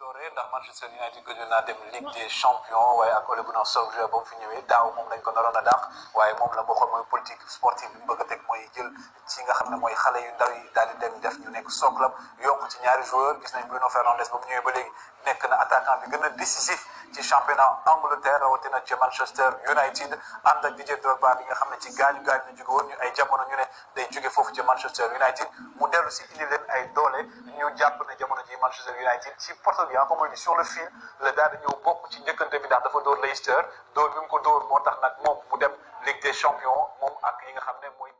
dooree ndax Manchester United gëjoon na dem Ligue des champions waaye ak Ole Gunnar Solskjaer ba mu fi ñëwee daaw moom lañ ko naroon a dàq waaye moom la waxoon mooy politique sportive bi mu bëgg a teg mooy jël ci nga xam ne mooy xale yu ndaw yi daal di dem def ñu nekk soklam yokk ci ñaari joueur gis nañ Bruno Fernandes ba mu ñëwee ba léegi nekk na attaquant bi gën a décisif ci championnat Angleterre rawatina ci Manchester United ànd ak Didier Drogba bi nga xam ne ci gaañu gaañu la jóge woon ñu ay jamono ñu ne day jóge foofu ci Manchester United mu dellu si indi ne ñu jàpp ne jamono ji Manchester United ci porte bi ah, comme on sur le fil la daal di ñëw ci njëkkante bi ndax dafa dóor Leicester dóor bi mu ko dóor moo tax nag moom mu dem Ligue champions moom ak yi xam ne mooy